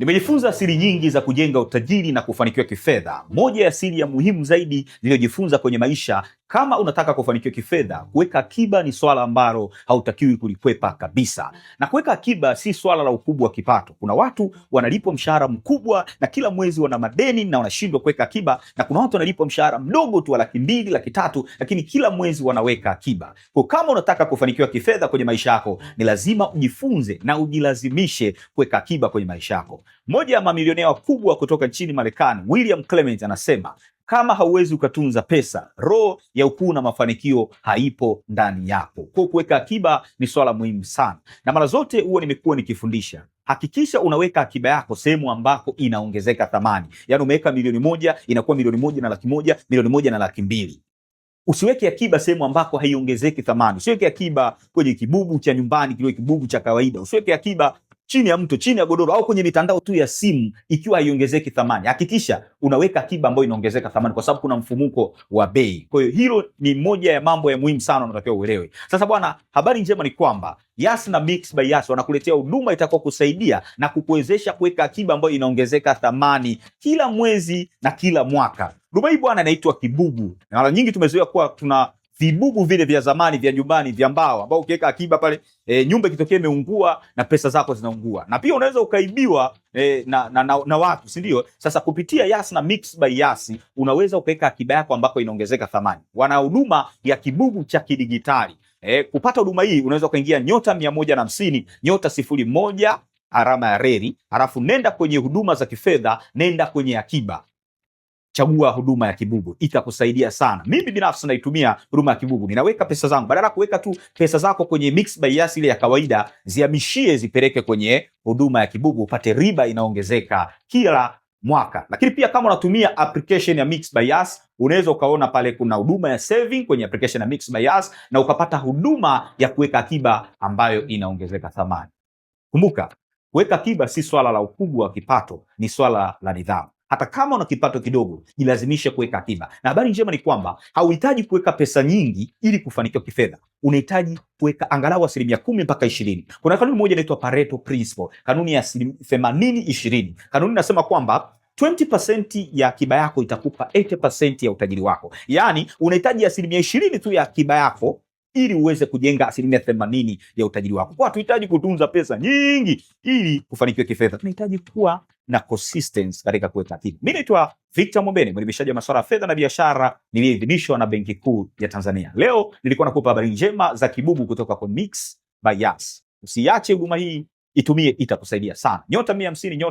Nimejifunza siri nyingi za kujenga utajiri na kufanikiwa kifedha. Moja ya siri ya muhimu zaidi niliyojifunza kwenye maisha kama unataka kufanikiwa kifedha, kuweka akiba ni swala ambalo hautakiwi kulikwepa kabisa. Na kuweka akiba si swala la ukubwa wa kipato. Kuna watu wanalipwa mshahara mkubwa na kila mwezi wana madeni na wanashindwa kuweka akiba, na kuna watu wanalipwa mshahara mdogo tu wa laki mbili, laki tatu, lakini kila mwezi wanaweka akiba. Kwa kama unataka kufanikiwa kifedha kwenye maisha yako, ni lazima ujifunze na ujilazimishe kuweka akiba kwenye maisha yako. Moja ya mamilionea wakubwa kutoka nchini Marekani, William Clement, anasema kama hauwezi ukatunza pesa, roho ya ukuu na mafanikio haipo ndani yako. Kwa kuweka akiba ni swala muhimu sana, na mara zote huwa nimekuwa nikifundisha hakikisha unaweka akiba yako sehemu ambako inaongezeka thamani. Yaani umeweka milioni moja inakuwa milioni moja na laki moja, milioni moja na laki mbili. Usiweke akiba sehemu ambako haiongezeki thamani. Usiweke akiba kwenye kibubu cha nyumbani, kile kibubu cha kawaida. Usiweke akiba chini ya mto, chini ya godoro au kwenye mitandao tu ya simu, ikiwa haiongezeki thamani, hakikisha unaweka akiba ambayo inaongezeka thamani, kwa sababu kuna mfumuko wa bei. Kwa hiyo hilo ni moja ya mambo ya muhimu sana unatakiwa uelewe. Sasa bwana, habari njema ni kwamba Yas na Mix by Yas wanakuletea huduma itakuwa kusaidia na kukuwezesha kuweka akiba ambayo inaongezeka thamani kila mwezi na kila mwaka. Huduma hii bwana inaitwa Kibubu. Mara nyingi tumezoea kuwa tuna vibubu vile vya zamani vya nyumbani vya mbao, ambao ukiweka akiba pale e, nyumba ikitokea imeungua na pesa zako zinaungua, na pia unaweza ukaibiwa e, na, na, na, na watu, si ndio? Sasa kupitia Yas na Mix by Yas unaweza ukaweka akiba yako ambako inaongezeka thamani. Wana huduma ya kibubu cha kidigitali e, kupata huduma hii unaweza ukaingia nyota mia moja na hamsini nyota sifuri moja alama ya reli, halafu nenda kwenye huduma za kifedha, nenda kwenye akiba Chagua huduma ya Kibubu, itakusaidia sana. Mimi binafsi naitumia huduma ya Kibubu, ninaweka pesa zangu, badala ya kuweka tu pesa zako kwenye mix by Yas ile ya kawaida, ziamishie zipeleke kwenye huduma ya Kibubu, upate riba inaongezeka kila mwaka. Lakini pia kama unatumia application ya mix by Yas unaweza ukaona pale kuna huduma ya saving kwenye application ya mix by Yas na ukapata huduma ya kuweka akiba ambayo inaongezeka thamani. Kumbuka, kuweka akiba si swala la ukubwa wa kipato, ni swala la nidhamu. Hata kama una kipato kidogo, jilazimishe kuweka akiba, na habari njema ni kwamba hauhitaji kuweka pesa nyingi ili kufanikiwa kifedha. Unahitaji kuweka angalau asilimia kumi mpaka ishirini. Kuna kanuni moja inaitwa Pareto Principle, kanuni ya themanini ishirini. Kanuni inasema kwamba 20% ya akiba yako itakupa 80% ya utajiri wako, yaani unahitaji asilimia ishirini tu ya akiba yako ili uweze kujenga asilimia themanini ya utajiri wako. Kwa hatuhitaji kutunza pesa nyingi ili kufanikiwa kifedha, tunahitaji kuwa na consistency katika kuweka akiba. Mimi naitwa Victor Mwambene, mwelimishaji wa masuala ya fedha na biashara niliyeidhinishwa na Benki Kuu ya Tanzania. Leo nilikuwa nakupa habari njema za kibubu kutoka kwa Mixx by Yas. Usiache huduma hii, itumie, itakusaidia sana. Nyota 150 nyota